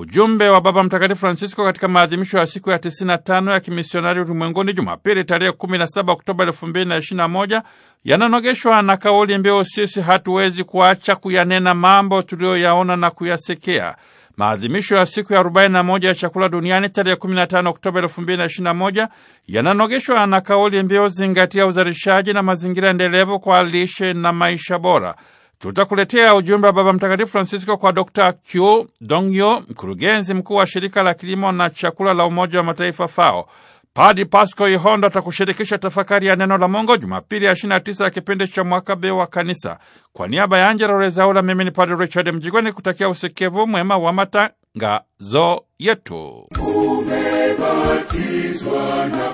Ujumbe wa Baba Mtakatifu Francisco katika maadhimisho ya siku ya 95 ya kimisionari ulimwenguni Jumapili tarehe 17 Oktoba 2021 yananogeshwa na kauli mbiu, sisi hatuwezi kuacha kuyanena mambo tuliyoyaona na kuyasikia. Maadhimisho ya siku ya 41 ya chakula duniani tarehe 15 Oktoba 2021 yananogeshwa na kauli mbiu, zingatia uzalishaji na mazingira endelevu kwa lishe na maisha bora. Tutakuletea ujumbe wa Baba Mtakatifu Francisco kwa Dr Q Dongyo, mkurugenzi mkuu wa shirika la kilimo na chakula la Umoja wa Mataifa FAO. Padi Pasco Ihondo atakushirikisha tafakari ya neno la Mungu Jumapili ya 29 ya kipindi cha mwaka B wa Kanisa. Kwa niaba ya Angela Rezaula, mimi ni Padre Richard Mjigwani kutakia usikivu mwema wa matangazo yetu. Tumebatizwa na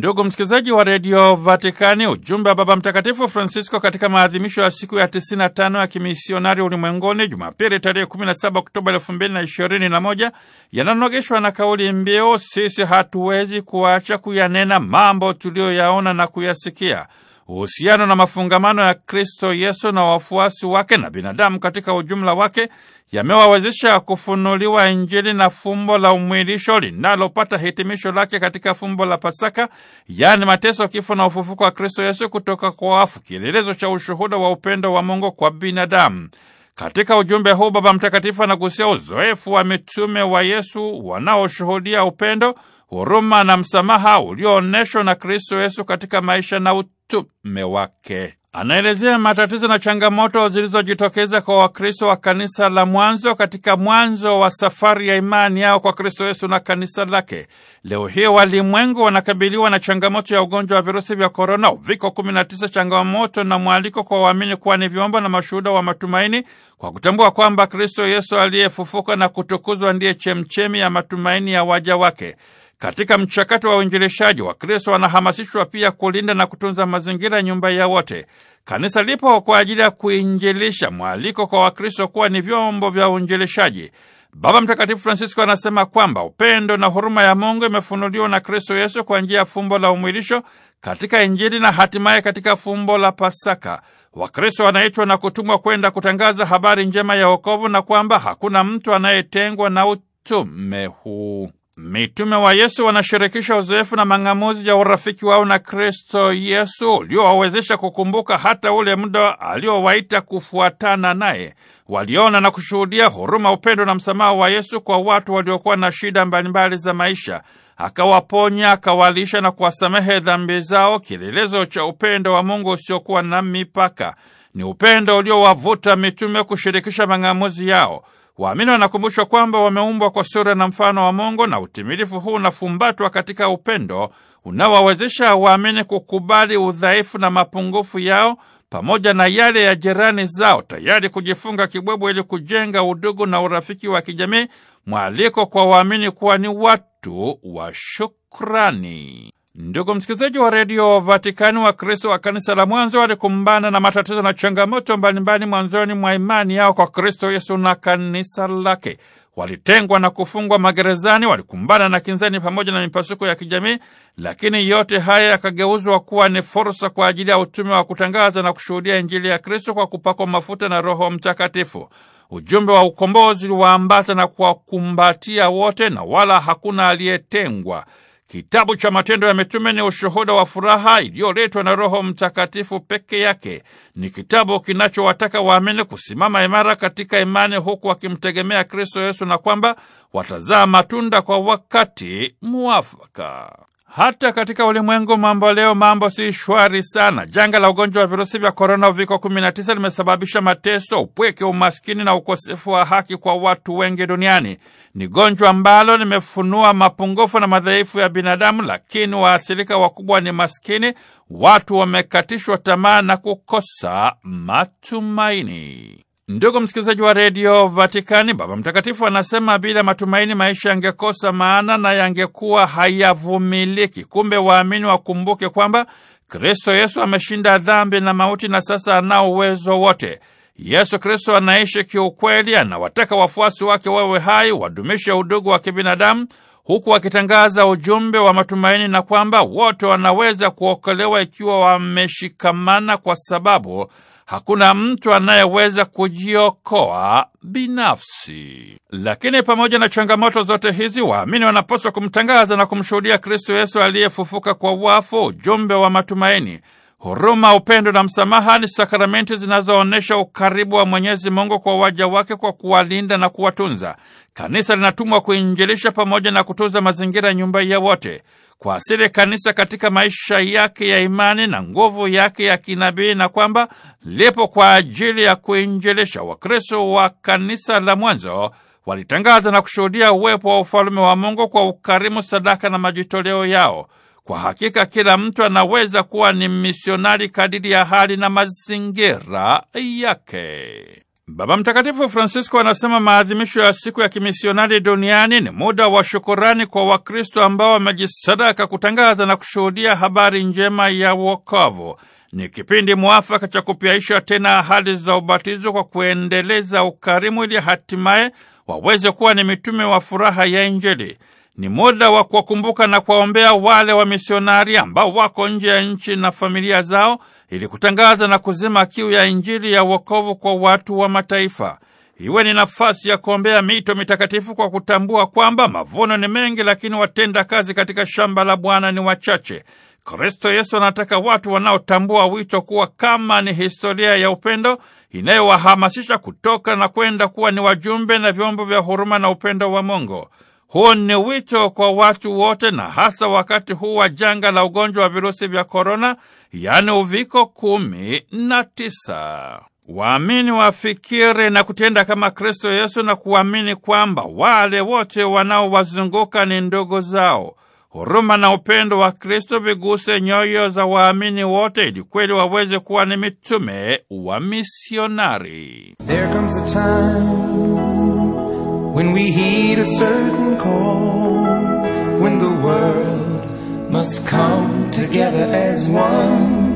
Ndugu msikilizaji wa redio Vatikani, ujumbe wa Baba Mtakatifu Francisco katika maadhimisho ya siku ya 95 ya kimisionari ulimwenguni, Jumapili tarehe 17 Oktoba 2021, yananogeshwa na kauli mbiu, sisi hatuwezi kuacha kuyanena mambo tuliyoyaona na kuyasikia uhusiano na mafungamano ya Kristo Yesu na wafuasi wake na binadamu katika ujumla wake yamewawezesha kufunuliwa Injili na fumbo la umwilisho linalopata hitimisho lake katika fumbo la Pasaka, yaani mateso, kifo na ufufuko wa Kristo Yesu kutoka kwa wafu, kielelezo cha ushuhuda wa upendo wa Mungu kwa binadamu. Katika ujumbe huu Baba Mtakatifu anagusia uzoefu wa mitume wa Yesu wanaoshuhudia upendo huruma na msamaha ulioonyeshwa na Kristo Yesu katika maisha na utume wake. Anaelezea matatizo na changamoto zilizojitokeza kwa Wakristo wa kanisa la mwanzo katika mwanzo wa safari ya imani yao kwa Kristo Yesu na kanisa lake. Leo hii walimwengu wanakabiliwa na changamoto ya ugonjwa wa virusi vya korona, uviko 19, changamoto na mwaliko kwa waamini kuwa ni vyombo na mashuhuda wa matumaini kwa kutambua kwamba Kristo Yesu aliyefufuka na kutukuzwa ndiye chemchemi ya matumaini ya waja wake. Katika mchakato wa uinjilishaji, Wakristo wanahamasishwa pia kulinda na kutunza mazingira, nyumba ya wote. Kanisa lipo kwa ajili ya kuinjilisha, mwaliko kwa Wakristo kuwa ni vyombo vya uinjilishaji. Baba Mtakatifu Francisco anasema kwamba upendo na huruma ya Mungu imefunuliwa na Kristo Yesu kwa njia ya fumbo la umwilisho katika Injili na hatimaye katika fumbo la Pasaka. Wakristo wanaitwa na kutumwa kwenda kutangaza habari njema ya wokovu na kwamba hakuna mtu anayetengwa na utume huu. Mitume wa Yesu wanashirikisha uzoefu na mang'amuzi ya urafiki wao na Kristo Yesu uliowawezesha kukumbuka hata ule muda aliowaita kufuatana naye. Waliona na kushuhudia huruma, upendo na msamaha wa Yesu kwa watu waliokuwa na shida mbalimbali za maisha. Akawaponya, akawalisha na kuwasamehe dhambi zao, kielelezo cha upendo wa Mungu usiokuwa na mipaka. Ni upendo uliowavuta mitume kushirikisha mang'amuzi yao. Waamini wanakumbushwa kwamba wameumbwa kwa sura na mfano wa Mungu na utimilifu huu unafumbatwa katika upendo unaowawezesha waamini kukubali udhaifu na mapungufu yao pamoja na yale ya jirani zao, tayari kujifunga kibwebo ili kujenga udugu na urafiki wa kijamii, mwaliko kwa waamini kuwa ni watu wa shukrani. Ndugu msikilizaji wa redio Vatikani, Kristo wa kanisa la mwanzo walikumbana na matatizo na changamoto mbalimbali mwanzoni mwa imani yao kwa Kristo Yesu na kanisa lake. Walitengwa na kufungwa magerezani, walikumbana na kinzani pamoja na mipasuko ya kijamii, lakini yote haya yakageuzwa kuwa ni fursa kwa ajili ya utume wa kutangaza na kushuhudia Injili ya Kristo kwa kupakwa mafuta na Roho Mtakatifu. Ujumbe wa ukombozi uliwaambata na kuwakumbatia wote, na wala hakuna aliyetengwa. Kitabu cha Matendo ya Mitume ni ushuhuda wa furaha iliyoletwa na Roho Mtakatifu peke yake. Ni kitabu kinachowataka waamini kusimama imara katika imani, huku wakimtegemea Kristo Yesu, na kwamba watazaa matunda kwa wakati muafaka. Hata katika ulimwengu mambo leo, mambo si shwari sana. Janga la ugonjwa wa virusi vya korona uviko 19 limesababisha mateso, upweke, umaskini na ukosefu wa haki kwa watu wengi duniani. Ni gonjwa ambalo limefunua mapungufu na madhaifu ya binadamu, lakini waathirika wakubwa ni maskini. Watu wamekatishwa tamaa na kukosa matumaini. Ndugu msikilizaji wa redio Vatikani, Baba Mtakatifu anasema bila matumaini maisha yangekosa maana na yangekuwa hayavumiliki. Kumbe waamini wakumbuke kwamba Kristo Yesu ameshinda dhambi na mauti na sasa anao uwezo wote. Yesu Kristo anaishi kiukweli, anawataka wafuasi wake wawe hai, wadumishe udugu wa kibinadamu, huku wakitangaza ujumbe wa matumaini na kwamba wote wanaweza kuokolewa ikiwa wameshikamana, kwa sababu Hakuna mtu anayeweza kujiokoa binafsi. Lakini pamoja na changamoto zote hizi, waamini wanapaswa kumtangaza na kumshuhudia Kristo Yesu aliyefufuka kwa wafu, ujumbe wa matumaini Huruma, upendo na msamaha ni sakramenti zinazoonyesha ukaribu wa Mwenyezi Mungu kwa waja wake kwa kuwalinda na kuwatunza. Kanisa linatumwa kuinjilisha pamoja na kutunza mazingira ya nyumba ya wote kwa asili kanisa katika maisha yake ya imani na nguvu yake ya kinabii na kwamba lipo kwa ajili ya kuinjilisha. Wakristo wa kanisa la mwanzo walitangaza na kushuhudia uwepo wa ufalume wa Mungu kwa ukarimu, sadaka na majitoleo yao. Kwa hakika kila mtu anaweza kuwa ni misionari kadiri ya hali na mazingira yake. Baba Mtakatifu Francisco anasema maadhimisho ya siku ya kimisionari duniani ni muda wa shukurani kwa Wakristo ambao wamejisadaka kutangaza na kushuhudia habari njema ya wokovu. Ni kipindi mwafaka cha kupyaisha tena ahadi za ubatizo kwa kuendeleza ukarimu, ili hatimaye waweze kuwa ni mitume wa furaha ya Injili. Ni muda wa kuwakumbuka na kuwaombea wale wamisionari ambao wako nje ya nchi na familia zao ili kutangaza na kuzima kiu ya Injili ya wokovu kwa watu wa mataifa. Iwe ni nafasi ya kuombea mito mitakatifu kwa kutambua kwamba mavuno ni mengi, lakini watenda kazi katika shamba la Bwana ni wachache. Kristo Yesu anataka watu wanaotambua wito kuwa kama ni historia ya upendo inayowahamasisha kutoka na kwenda kuwa ni wajumbe na vyombo vya huruma na upendo wa Mungu. Huu ni wito kwa watu wote, na hasa wakati huu wa janga la ugonjwa wa virusi vya korona yaani uviko kumi na tisa. Waamini wafikiri na kutenda kama Kristo Yesu na kuamini kwamba wale wote wanaowazunguka ni ndugu zao. Huruma na upendo wa Kristo viguse nyoyo za waamini wote ili kweli waweze kuwa ni mitume wa misionari. When we heed a certain call, when the world must come together as one.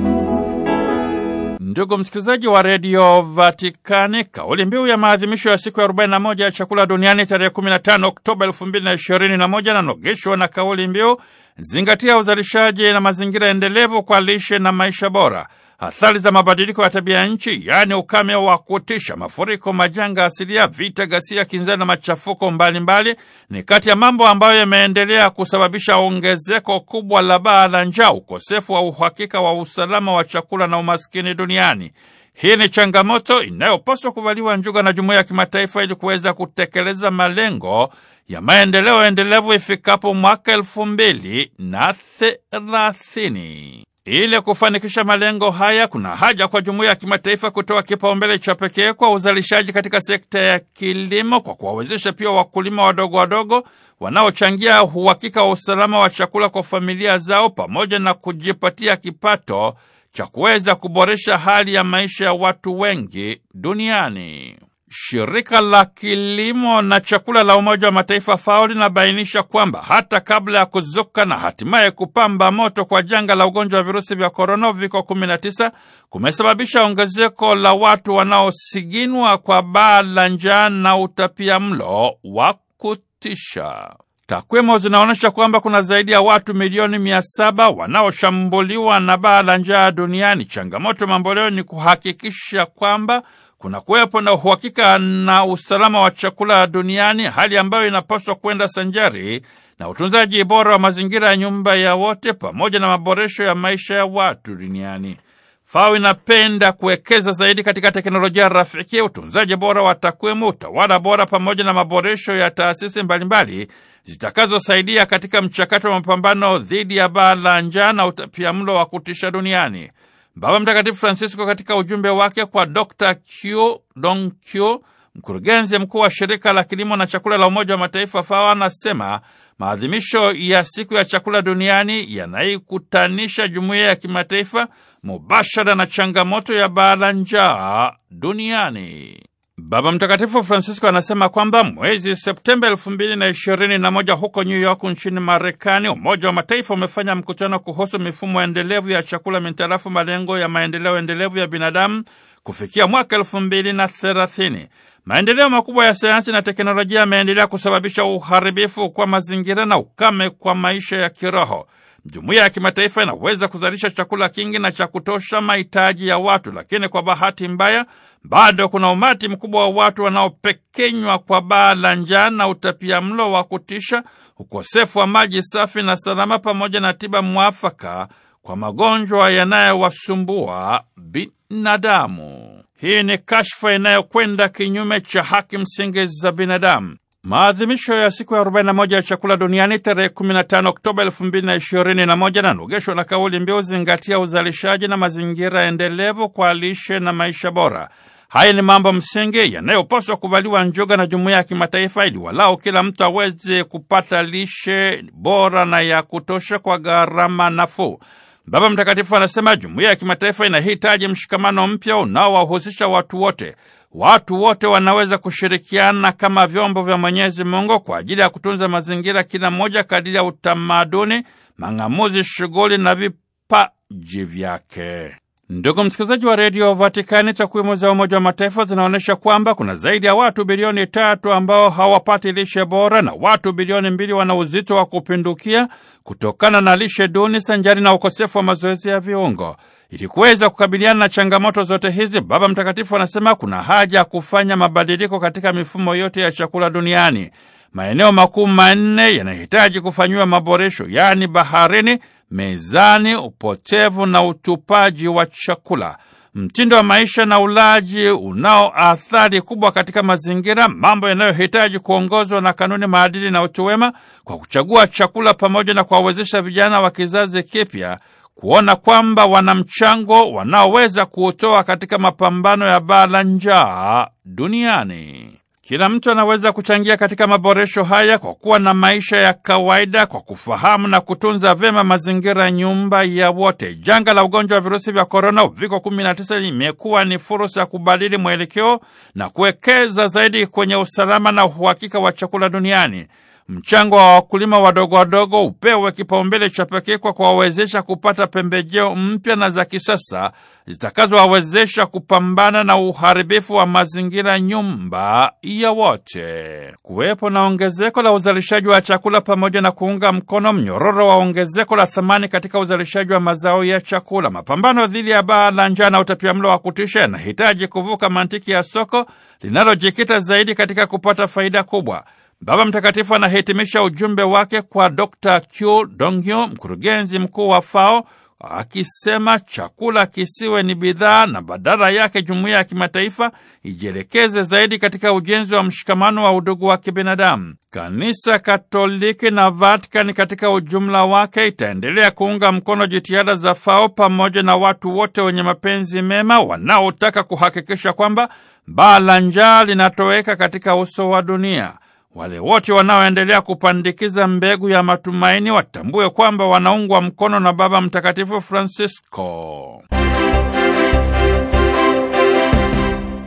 Ndugu msikilizaji wa redio Vatikani, kauli mbiu ya maadhimisho ya siku ya 41 ya chakula duniani tarehe 15 Oktoba 2021 nanogeshwa na kauli mbiu zingatia uzalishaji na mazingira endelevu kwa lishe na maisha bora athari za mabadiliko ya tabia nchi, yaani ukame wa kutisha, mafuriko, majanga asilia, vita, ghasia, kinzani na machafuko mbalimbali, ni kati ya mambo ambayo yameendelea kusababisha ongezeko kubwa la baa la njaa, ukosefu wa uhakika wa usalama wa chakula na umaskini duniani. Hii ni changamoto inayopaswa kuvaliwa njuga na jumuiya ya kimataifa ili kuweza kutekeleza malengo ya maendeleo endelevu ifikapo mwaka elfu mbili na thelathini. Ili kufanikisha malengo haya, kuna haja kwa jumuiya ya kimataifa kutoa kipaumbele cha pekee kwa uzalishaji katika sekta ya kilimo kwa kuwawezesha pia wakulima wadogo wadogo wanaochangia uhakika wa usalama wa chakula kwa familia zao pamoja na kujipatia kipato cha kuweza kuboresha hali ya maisha ya watu wengi duniani. Shirika la kilimo na chakula la Umoja wa Mataifa FAO linabainisha kwamba hata kabla ya kuzuka na hatimaye kupamba moto kwa janga la ugonjwa wa virusi vya korona uviko 19 kumesababisha ongezeko la watu wanaosiginwa kwa baa la njaa na utapia mlo wa kutisha. Takwimu zinaonyesha kwamba kuna zaidi ya watu milioni mia saba wanaoshambuliwa na baa la njaa duniani. Changamoto mamboleo ni kuhakikisha kwamba kuna kuwepo na uhakika na usalama wa chakula duniani, hali ambayo inapaswa kwenda sanjari na utunzaji bora wa mazingira ya nyumba ya wote pamoja na maboresho ya maisha ya watu duniani. FAO inapenda kuwekeza zaidi katika teknolojia rafiki, utunzaji bora wa takwimu, utawala bora, pamoja na maboresho ya taasisi mbalimbali zitakazosaidia katika mchakato wa mapambano dhidi ya baa la njaa na utapiamlo wa kutisha duniani. Baba Mtakatifu Francisco katika ujumbe wake kwa Dr. Kyo Dong Kyo, mkurugenzi mkuu wa shirika la kilimo na chakula la Umoja wa Mataifa FAO, anasema maadhimisho ya siku ya chakula duniani yanaikutanisha jumuiya ya kimataifa mubashara na changamoto ya balaa njaa duniani. Baba Mtakatifu Francisco anasema kwamba mwezi Septemba 2021 huko New York nchini Marekani, Umoja wa Mataifa umefanya mkutano kuhusu mifumo endelevu ya chakula mintarafu malengo ya maendeleo endelevu ya binadamu kufikia mwaka 2030. Maendeleo makubwa ya sayansi na teknolojia yameendelea kusababisha uharibifu kwa mazingira na ukame kwa maisha ya kiroho. Jumuiya ya kimataifa inaweza kuzalisha chakula kingi na cha kutosha mahitaji ya watu, lakini kwa bahati mbaya bado kuna umati mkubwa wa watu wanaopekenywa kwa baa la njaa na utapia mlo wa kutisha, ukosefu wa maji safi na salama, pamoja na tiba mwafaka kwa magonjwa yanayowasumbua binadamu. Hii ni kashfa inayokwenda kinyume cha haki msingi za binadamu. Maadhimisho ya siku ya 41 ya chakula duniani tarehe 15 Oktoba 2021 nanogeshwa na kauli mbiu zingatia uzalishaji na mazingira endelevu kwa lishe na maisha bora. Haya ni mambo msingi yanayopaswa kuvaliwa njuga na jumuiya ya kimataifa ili walao kila mtu aweze kupata lishe bora na ya kutosha kwa gharama nafuu. Baba Mtakatifu anasema jumuiya ya kimataifa inahitaji mshikamano mpya unaowahusisha watu wote. Watu wote wanaweza kushirikiana kama vyombo vya Mwenyezi Mungu kwa ajili ya kutunza mazingira, kila mmoja kadiri ya utamaduni, mang'amuzi, shughuli na vipaji vyake. Ndugu msikilizaji wa redio Vatikani, takwimu za Umoja wa Mataifa zinaonyesha kwamba kuna zaidi ya watu bilioni tatu ambao hawapati lishe bora na watu bilioni mbili wana uzito wa kupindukia kutokana na lishe duni sanjari na ukosefu wa mazoezi ya viungo. Ili kuweza kukabiliana na changamoto zote hizi, Baba Mtakatifu anasema kuna haja ya kufanya mabadiliko katika mifumo yote ya chakula duniani. Maeneo makuu manne yanahitaji kufanyiwa maboresho, yaani baharini, mezani, upotevu na utupaji wa chakula mtindo wa maisha na ulaji unao athari kubwa katika mazingira, mambo yanayohitaji kuongozwa na kanuni, maadili na utu wema kwa kuchagua chakula, pamoja na kuwawezesha vijana wa kizazi kipya kuona kwamba wana mchango wanaoweza kuutoa katika mapambano ya baa la njaa duniani. Kila mtu anaweza kuchangia katika maboresho haya kwa kuwa na maisha ya kawaida, kwa kufahamu na kutunza vyema mazingira, nyumba ya wote. Janga la ugonjwa wa virusi vya korona, uviko 19, limekuwa ni fursa ya kubadili mwelekeo na kuwekeza zaidi kwenye usalama na uhakika wa chakula duniani. Mchango wa wakulima wadogo wadogo upewe kipaumbele cha pekee kwa kuwawezesha kupata pembejeo mpya na za kisasa zitakazowawezesha kupambana na uharibifu wa mazingira nyumba ya wote. Kuwepo na ongezeko la uzalishaji wa chakula pamoja na kuunga mkono mnyororo wa ongezeko la thamani katika uzalishaji wa mazao ya chakula. Mapambano dhidi ya baa la njaa na utapiamlo wa kutisha yanahitaji kuvuka mantiki ya soko linalojikita zaidi katika kupata faida kubwa. Baba Mtakatifu anahitimisha ujumbe wake kwa Dr. Q Dongyo, mkurugenzi mkuu wa FAO akisema chakula kisiwe ni bidhaa na badala yake jumuiya ya kimataifa ijielekeze zaidi katika ujenzi wa mshikamano wa udugu wa kibinadamu. Kanisa Katoliki na Vatikani katika ujumla wake itaendelea kuunga mkono jitihada za FAO pamoja na watu wote wenye mapenzi mema wanaotaka kuhakikisha kwamba baa la njaa linatoweka katika uso wa dunia. Wale wote wanaoendelea kupandikiza mbegu ya matumaini watambue kwamba wanaungwa mkono na Baba Mtakatifu Francisco.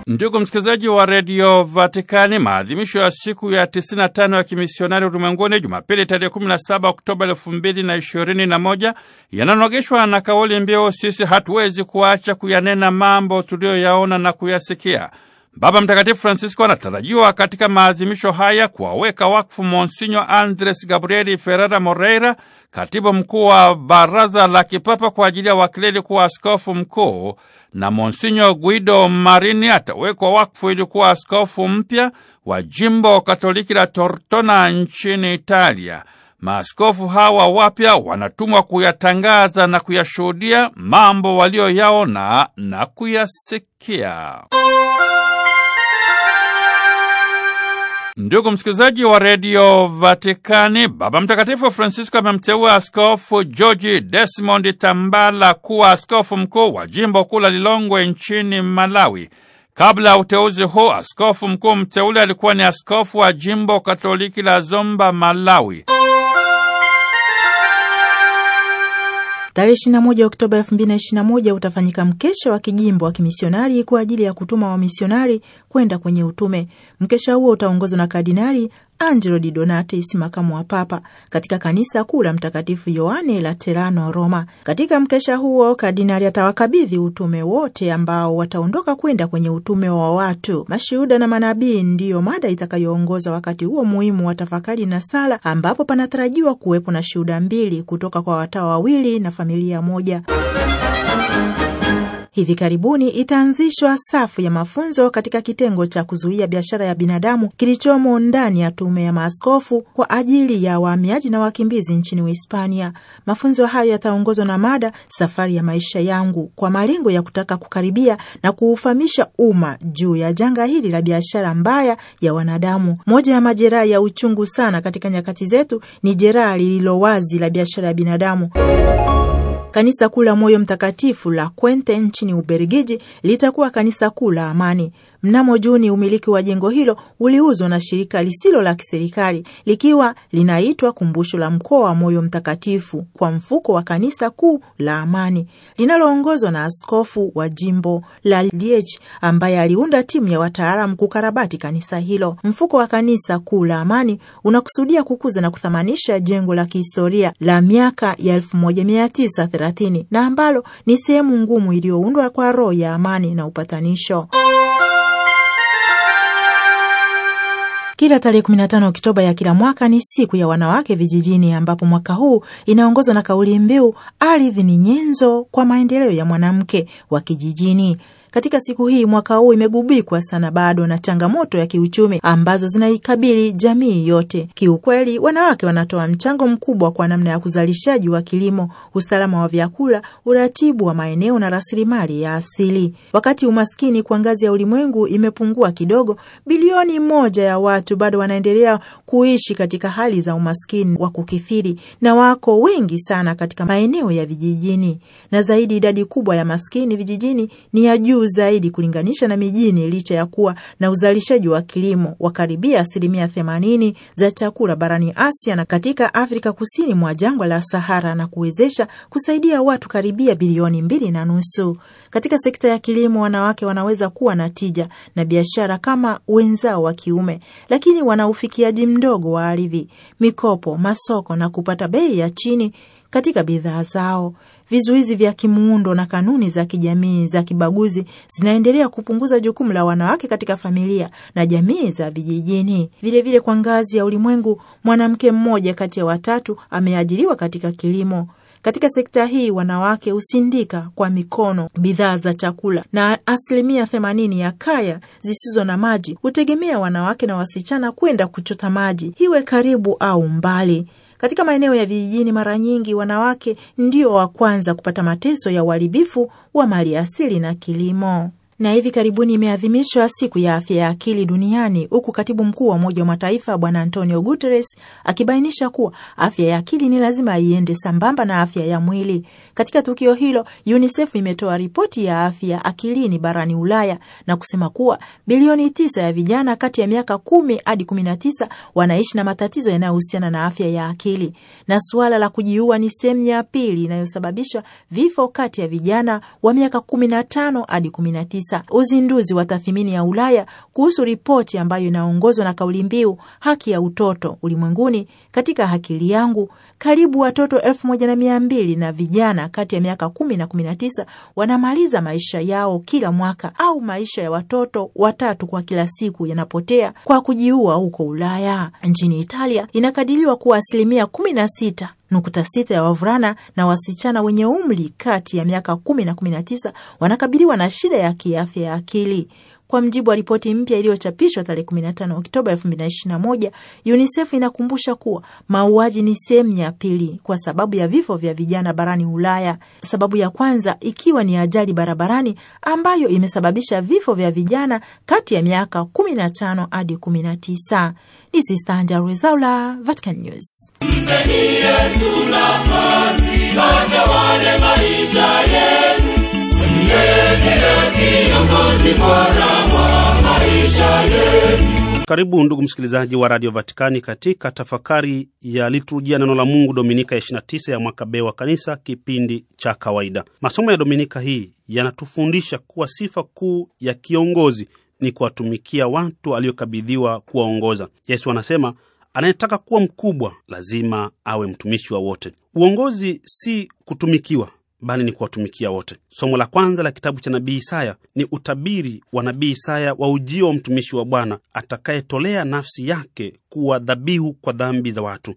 Ndugu msikilizaji wa redio Vatikani, maadhimisho ya siku ya 95 ya kimisionari ulimwenguni, Jumapili tarehe 17 Oktoba 2021 yananogeshwa na kauli mbiu, sisi hatuwezi kuacha kuyanena mambo tuliyoyaona na kuyasikia. Baba Mtakatifu Francisco anatarajiwa katika maadhimisho haya kuwaweka wakfu Monsinyo Andres Gabrieli Ferrara Moreira, katibu mkuu wa Baraza la Kipapa kwa ajili ya wakileli kuwa askofu mkuu, na Monsinyo Guido Marini atawekwa wakfu ili kuwa askofu mpya wa jimbo Katoliki la Tortona nchini Italia. Maaskofu hawa wapya wanatumwa kuyatangaza na kuyashuhudia mambo walioyaona na kuyasikia. Ndugu msikilizaji wa redio Vatikani, Baba Mtakatifu Francisco amemteua Askofu George Desmond Tambala kuwa askofu mkuu wa jimbo kuu la Lilongwe nchini Malawi. Kabla ya uteuzi huu, askofu mkuu mteule alikuwa ni askofu wa jimbo katoliki la Zomba, Malawi. Tarehe 21 Oktoba 2021 utafanyika mkesha wa kijimbo wa kimisionari kwa ajili ya kutuma wamisionari kwenda kwenye utume. Mkesha huo utaongozwa na Kardinali Angelo di Donatis, makamu wa papa, katika kanisa kuu la Mtakatifu Yohane Laterano, Roma. Katika mkesha huo, kardinali atawakabidhi utume wote ambao wataondoka kwenda kwenye utume wa watu. Mashuhuda na manabii ndiyo mada itakayoongoza wakati huo muhimu wa tafakari na sala, ambapo panatarajiwa kuwepo na shuhuda mbili kutoka kwa watawa wawili na familia moja. Hivi karibuni itaanzishwa safu ya mafunzo katika kitengo cha kuzuia biashara ya binadamu kilichomo ndani ya tume ya maaskofu kwa ajili ya wahamiaji na wakimbizi nchini Uhispania. Mafunzo hayo yataongozwa na mada safari ya maisha yangu, kwa malengo ya kutaka kukaribia na kuufahamisha umma juu ya janga hili la biashara mbaya ya wanadamu. Moja ya majeraha ya uchungu sana katika nyakati zetu ni jeraha lililo wazi la biashara ya binadamu. Kanisa Kuu la Moyo Mtakatifu la Kwente nchini Ubelgiji litakuwa kanisa kuu la amani. Mnamo Juni umiliki wa jengo hilo uliuzwa na shirika lisilo la kiserikali likiwa linaitwa Kumbusho la Mkoa wa Moyo Mtakatifu kwa mfuko wa Kanisa Kuu la Amani linaloongozwa na askofu wa jimbo la Liech ambaye aliunda timu ya wataalamu kukarabati kanisa hilo. Mfuko wa Kanisa Kuu la Amani unakusudia kukuza na kuthamanisha jengo la kihistoria la miaka ya 1930 na ambalo ni sehemu ngumu iliyoundwa kwa roho ya amani na upatanisho. Kila tarehe 15 Oktoba ya kila mwaka ni siku ya wanawake vijijini, ambapo mwaka huu inaongozwa na kauli mbiu ardhi ni nyenzo kwa maendeleo ya mwanamke wa kijijini katika siku hii mwaka huu imegubikwa sana bado na changamoto ya kiuchumi ambazo zinaikabili jamii yote. Kiukweli, wanawake wanatoa mchango mkubwa kwa namna ya uzalishaji wa kilimo, usalama wa vyakula, uratibu wa maeneo na rasilimali ya asili. Wakati umaskini kwa ngazi ya ulimwengu imepungua kidogo, bilioni moja ya watu bado wanaendelea kuishi katika hali za umaskini wa kukithiri na wako wengi sana katika maeneo ya vijijini, na zaidi idadi kubwa ya maskini vijijini ni ya juu zaidi kulinganisha na mijini licha ya kuwa na uzalishaji wa kilimo wa karibia asilimia themanini za chakula barani Asia na katika Afrika kusini mwa jangwa la Sahara na kuwezesha kusaidia watu karibia bilioni mbili na nusu. Katika sekta ya kilimo, wanawake wanaweza kuwa na tija na biashara kama wenzao wa kiume, lakini wana ufikiaji mdogo wa ardhi, mikopo, masoko na kupata bei ya chini katika bidhaa zao vizuizi vya kimuundo na kanuni za kijamii za kibaguzi zinaendelea kupunguza jukumu la wanawake katika familia na jamii za vijijini. Vilevile, kwa ngazi ya ulimwengu, mwanamke mmoja kati ya watatu ameajiriwa katika kilimo. Katika sekta hii wanawake husindika kwa mikono bidhaa za chakula na asilimia themanini ya kaya zisizo na maji hutegemea wanawake na wasichana kwenda kuchota maji, iwe karibu au mbali. Katika maeneo ya vijijini, mara nyingi wanawake ndio wa kwanza kupata mateso ya uharibifu wa mali asili na kilimo na hivi karibuni imeadhimishwa siku ya afya ya akili duniani, huku katibu mkuu wa Umoja wa Mataifa Bwana Antonio Guterres akibainisha kuwa afya ya akili ni lazima iende sambamba na afya ya mwili. Katika tukio hilo, UNICEF imetoa ripoti ya afya akilini barani Ulaya na kusema kuwa bilioni tisa ya vijana kati ya miaka kumi hadi kumi na tisa wanaishi na matatizo yanayohusiana na afya ya akili, na suala la kujiua ni sehemu ya pili inayosababisha vifo kati ya vijana wa miaka kumi na tano hadi kumi na tisa tisa uzinduzi wa tathmini ya Ulaya kuhusu ripoti ambayo inaongozwa na kauli mbiu haki ya utoto ulimwenguni katika akili yangu, karibu watoto elfu moja na mia mbili na vijana kati ya miaka kumi na kumi na tisa wanamaliza maisha yao kila mwaka, au maisha ya watoto watatu kwa kila siku yanapotea kwa kujiua huko Ulaya. Nchini Italia inakadiriwa kuwa asilimia kumi na sita Nukta sita ya wavulana na wasichana wenye umri kati ya miaka kumi na kumi na tisa wanakabiliwa na shida ya kiafya ya akili. Kwa mjibu wa ripoti mpya iliyochapishwa tarehe 15 Oktoba 2021, UNICEF inakumbusha kuwa mauaji ni sehemu ya pili kwa sababu ya vifo vya vijana barani Ulaya, sababu ya kwanza ikiwa ni ajali barabarani ambayo imesababisha vifo vya vijana kati ya miaka 15 hadi 19. Ni Sista Angella Rwezaula, Vatican News. Yesu nafasi, wale maisha yetu. Karibu ndugu msikilizaji wa Radio Vatikani katika tafakari ya liturujia neno la Mungu Dominika ya 29 ya mwaka B wa Kanisa, kipindi cha kawaida. Masomo ya Dominika hii yanatufundisha kuwa sifa kuu ya kiongozi ni kuwatumikia watu aliokabidhiwa kuwaongoza. Yesu anasema anayetaka kuwa mkubwa lazima awe mtumishi wa wote. Uongozi si kutumikiwa, bali ni kuwatumikia wote. Somo la kwanza la kitabu cha nabii Isaya ni utabiri wa nabii Isaya wa ujio wa mtumishi wa Bwana atakayetolea nafsi yake kuwa dhabihu kwa dhambi za watu.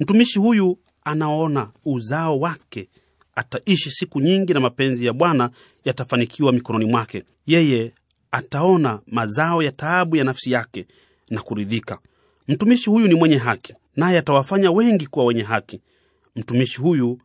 Mtumishi huyu anaona uzao wake ataishi siku nyingi na mapenzi ya Bwana yatafanikiwa mikononi mwake. Yeye ataona mazao ya taabu ya nafsi yake na kuridhika. Mtumishi huyu ni mwenye haki, naye atawafanya wengi kuwa wenye haki. Mtumishi huyu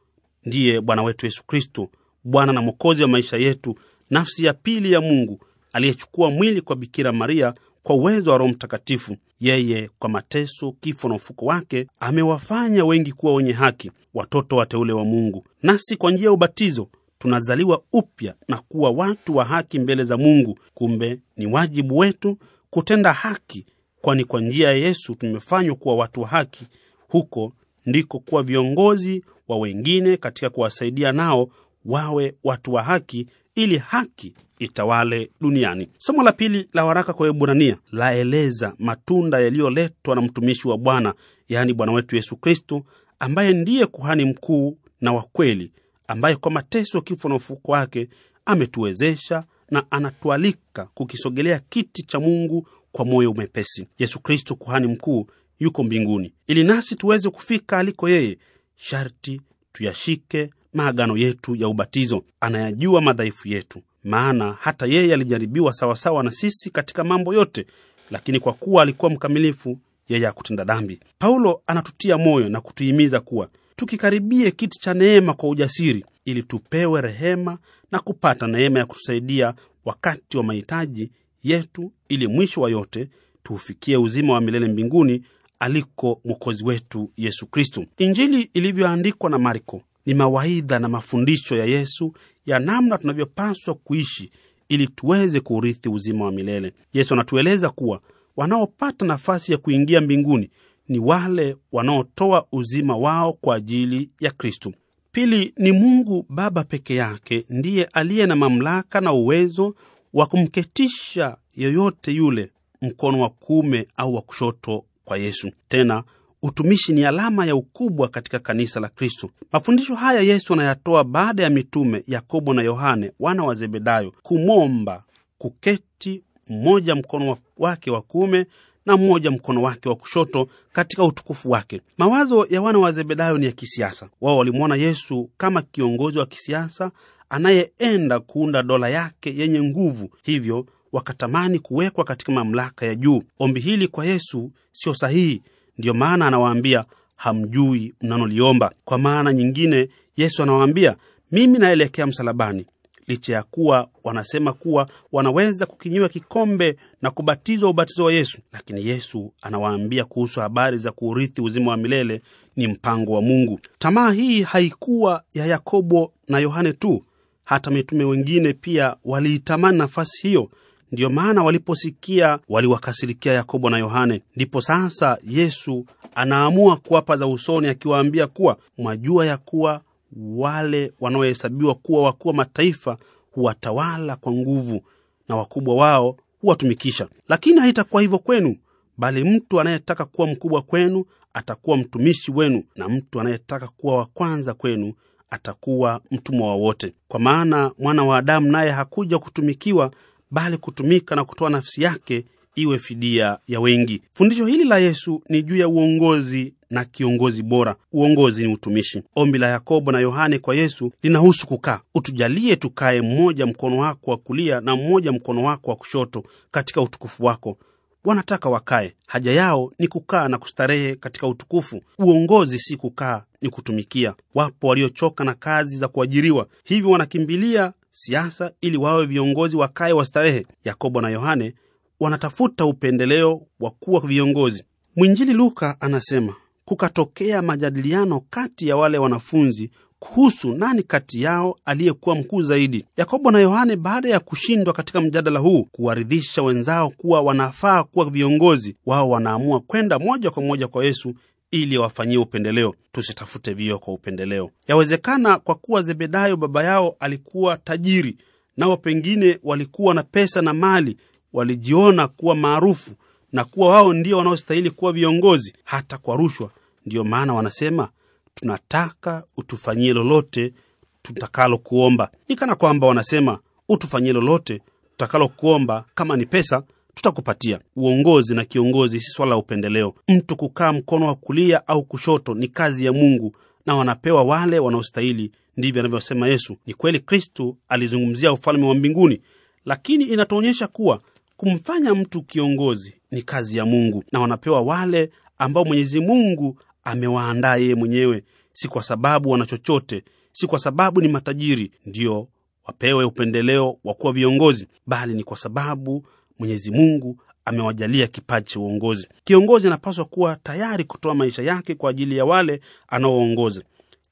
ndiye Bwana wetu Yesu Kristo, Bwana na Mwokozi wa maisha yetu, nafsi ya pili ya Mungu aliyechukua mwili kwa Bikira Maria kwa uwezo wa Roho Mtakatifu. Yeye kwa mateso, kifo na ufuko wake amewafanya wengi kuwa wenye haki, watoto wateule wa Mungu. Nasi kwa njia ya ubatizo tunazaliwa upya na kuwa watu wa haki mbele za Mungu. Kumbe ni wajibu wetu kutenda haki, kwani kwa njia ya Yesu tumefanywa kuwa watu wa haki huko ndiko kuwa viongozi wa wengine katika kuwasaidia nao wawe watu wa haki ili haki itawale duniani. Somo la pili la waraka kwa ebrania laeleza matunda yaliyoletwa na mtumishi wa Bwana, yaani Bwana wetu Yesu Kristo, ambaye ndiye kuhani mkuu na wakweli ambaye kwa mateso, kifo na ufuko wake ametuwezesha na anatualika kukisogelea kiti cha Mungu kwa moyo umepesi. Yesu Kristo kuhani mkuu yuko mbinguni. Ili nasi tuweze kufika aliko yeye, sharti tuyashike maagano yetu ya ubatizo. Anayajua madhaifu yetu, maana hata yeye alijaribiwa sawasawa na sisi katika mambo yote, lakini kwa kuwa alikuwa mkamilifu, yeye akutenda dhambi. Paulo anatutia moyo na kutuhimiza kuwa tukikaribie kiti cha neema kwa ujasiri, ili tupewe rehema na kupata neema ya kutusaidia wakati wa mahitaji yetu, ili mwisho wa yote tuufikie uzima wa milele mbinguni aliko mwokozi wetu Yesu Kristu. Injili ilivyoandikwa na Marko ni mawaidha na mafundisho ya Yesu ya namna tunavyopaswa kuishi ili tuweze kuurithi uzima wa milele. Yesu anatueleza kuwa wanaopata nafasi ya kuingia mbinguni ni wale wanaotoa uzima wao kwa ajili ya Kristu. Pili, ni Mungu Baba peke yake ndiye aliye na mamlaka na uwezo wa kumketisha yoyote yule mkono wa kuume au wa kushoto kwa Yesu. Tena utumishi ni alama ya ukubwa katika kanisa la Kristo. Mafundisho haya Yesu anayatoa baada ya mitume Yakobo na Yohane wana wa Zebedayo kumwomba kuketi mmoja mkono wake wa kuume na mmoja mkono wake wa kushoto katika utukufu wake. Mawazo ya wana wa Zebedayo ni ya kisiasa. Wao walimwona Yesu kama kiongozi wa kisiasa anayeenda kuunda dola yake yenye nguvu, hivyo wakatamani kuwekwa katika mamlaka ya juu. Ombi hili kwa Yesu sio sahihi, ndiyo maana anawaambia hamjui mnanoliomba. Kwa maana nyingine, Yesu anawaambia mimi naelekea msalabani, licha ya kuwa wanasema kuwa wanaweza kukinywa kikombe na kubatizwa ubatizo wa Yesu, lakini Yesu anawaambia kuhusu habari za kuurithi uzima wa milele ni mpango wa Mungu. Tamaa hii haikuwa ya Yakobo na Yohane tu, hata mitume wengine pia waliitamani nafasi hiyo, Ndiyo maana waliposikia waliwakasirikia Yakobo na Yohane. Ndipo sasa Yesu anaamua kuwapa za usoni, akiwaambia kuwa mwajua ya kuwa wale wanaohesabiwa kuwa wakuwa mataifa huwatawala kwa nguvu na wakubwa wao huwatumikisha, lakini haitakuwa hivyo kwenu, bali mtu anayetaka kuwa mkubwa kwenu atakuwa mtumishi wenu, na mtu anayetaka kuwa wa kwanza kwenu atakuwa mtumwa wa wote. Kwa maana mwana wa Adamu naye hakuja kutumikiwa, bali kutumika na kutoa nafsi yake iwe fidia ya wengi. Fundisho hili la Yesu ni juu ya uongozi na kiongozi bora. Uongozi ni utumishi. Ombi la Yakobo na Yohane kwa Yesu linahusu kukaa. Utujalie tukaye mmoja mkono wako wa kulia na mmoja mkono wako wa kushoto, katika utukufu wako. Wanataka wakae. Haja yao ni kukaa na kustarehe katika utukufu. Uongozi si kukaa, ni kutumikia. Wapo waliochoka na kazi za kuajiriwa, hivyo wanakimbilia siasa ili wawe viongozi wakaye wa starehe. Yakobo na Yohane wanatafuta upendeleo wa kuwa viongozi. Mwinjili Luka anasema kukatokea majadiliano kati ya wale wanafunzi kuhusu nani kati yao aliyekuwa mkuu zaidi. Yakobo na Yohane, baada ya kushindwa katika mjadala huu kuwaridhisha wenzao kuwa wanafaa kuwa viongozi, wao wanaamua kwenda moja kwa moja kwa Yesu ili wafanyie upendeleo, tusitafute vio kwa upendeleo. Yawezekana kwa kuwa Zebedayo baba yao alikuwa tajiri, nao pengine walikuwa na pesa na mali, walijiona kuwa maarufu na kuwa wao ndio wanaostahili kuwa viongozi, hata kwa rushwa. Ndiyo maana wanasema tunataka utufanyie lolote tutakalo kuomba. Ni kana kwamba wanasema utufanyie lolote tutakalo kuomba, kama ni pesa tutakupatia. Uongozi na kiongozi si swala la upendeleo. Mtu kukaa mkono wa kulia au kushoto ni kazi ya Mungu, na wanapewa wale wanaostahili. Ndivyo anavyosema Yesu. Ni kweli Kristu alizungumzia ufalme wa mbinguni, lakini inatuonyesha kuwa kumfanya mtu kiongozi ni kazi ya Mungu, na wanapewa wale ambao Mwenyezi Mungu amewaandaa yeye mwenyewe, si kwa sababu wana chochote, si kwa sababu ni matajiri ndiyo wapewe upendeleo wa kuwa viongozi, bali ni kwa sababu Mwenyezi Mungu amewajalia kipaji cha uongozi. Kiongozi anapaswa kuwa tayari kutoa maisha yake kwa ajili ya wale anaoongoza.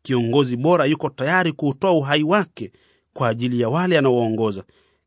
Kiongozi bora yuko tayari kuutoa uhai wake kwa ajili ya wale anaoongoza.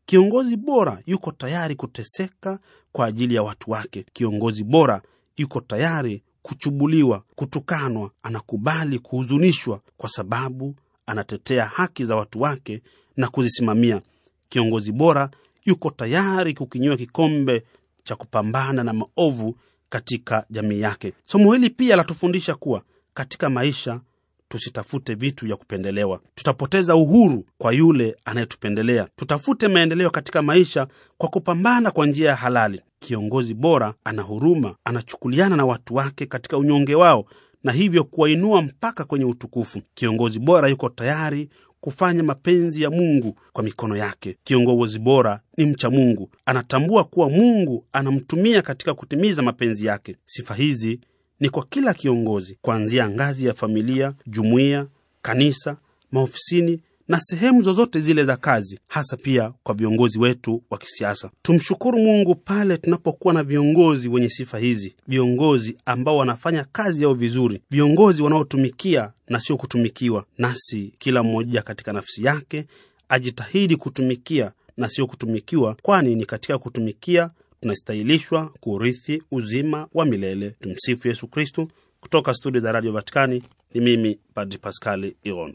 Kiongozi bora yuko tayari kuteseka kwa ajili ya watu wake. Kiongozi bora yuko tayari kuchubuliwa, kutukanwa, anakubali kuhuzunishwa kwa sababu anatetea haki za watu wake na kuzisimamia. Kiongozi bora yuko tayari kukinywa kikombe cha kupambana na maovu katika jamii yake. Somo hili pia latufundisha kuwa katika maisha tusitafute vitu vya kupendelewa. Tutapoteza uhuru kwa yule anayetupendelea. Tutafute maendeleo katika maisha kwa kupambana kwa njia ya halali. Kiongozi bora ana huruma, anachukuliana na watu wake katika unyonge wao na hivyo kuwainua mpaka kwenye utukufu. Kiongozi bora yuko tayari kufanya mapenzi ya Mungu kwa mikono yake. Kiongozi bora ni mcha Mungu, anatambua kuwa Mungu anamtumia katika kutimiza mapenzi yake. Sifa hizi ni kwa kila kiongozi, kuanzia ngazi ya familia, jumuiya, kanisa, maofisini na sehemu zozote zile za kazi, hasa pia kwa viongozi wetu wa kisiasa. Tumshukuru Mungu pale tunapokuwa na viongozi wenye sifa hizi, viongozi ambao wanafanya kazi yao vizuri, viongozi wanaotumikia na sio kutumikiwa. Nasi kila mmoja katika nafsi yake ajitahidi kutumikia na sio kutumikiwa, kwani ni katika kutumikia tunastahilishwa kurithi uzima wa milele. Tumsifu Yesu Kristu. Kutoka studio za Radio Vatikani ni mimi Padri Paskali Iron.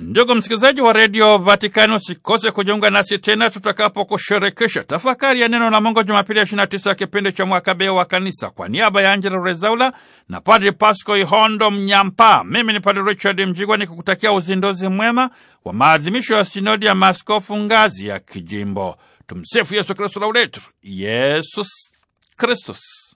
Ndugu msikilizaji wa redio Vatikani, usikose kujiunga nasi tena tutakapokushirikisha tafakari ya neno la Mungu Jumapili ya 29 ya kipindi cha mwaka B wa Kanisa. Kwa niaba ya Angela Rezaula na Padri Pasco Ihondo Mnyampa, mimi ni Padri Richard Mjigwa ni kukutakia uzinduzi mwema wa maadhimisho ya sinodi ya maaskofu ngazi ya kijimbo. Tumsifu Yesu Kristu, lauletu Yesus Kristus.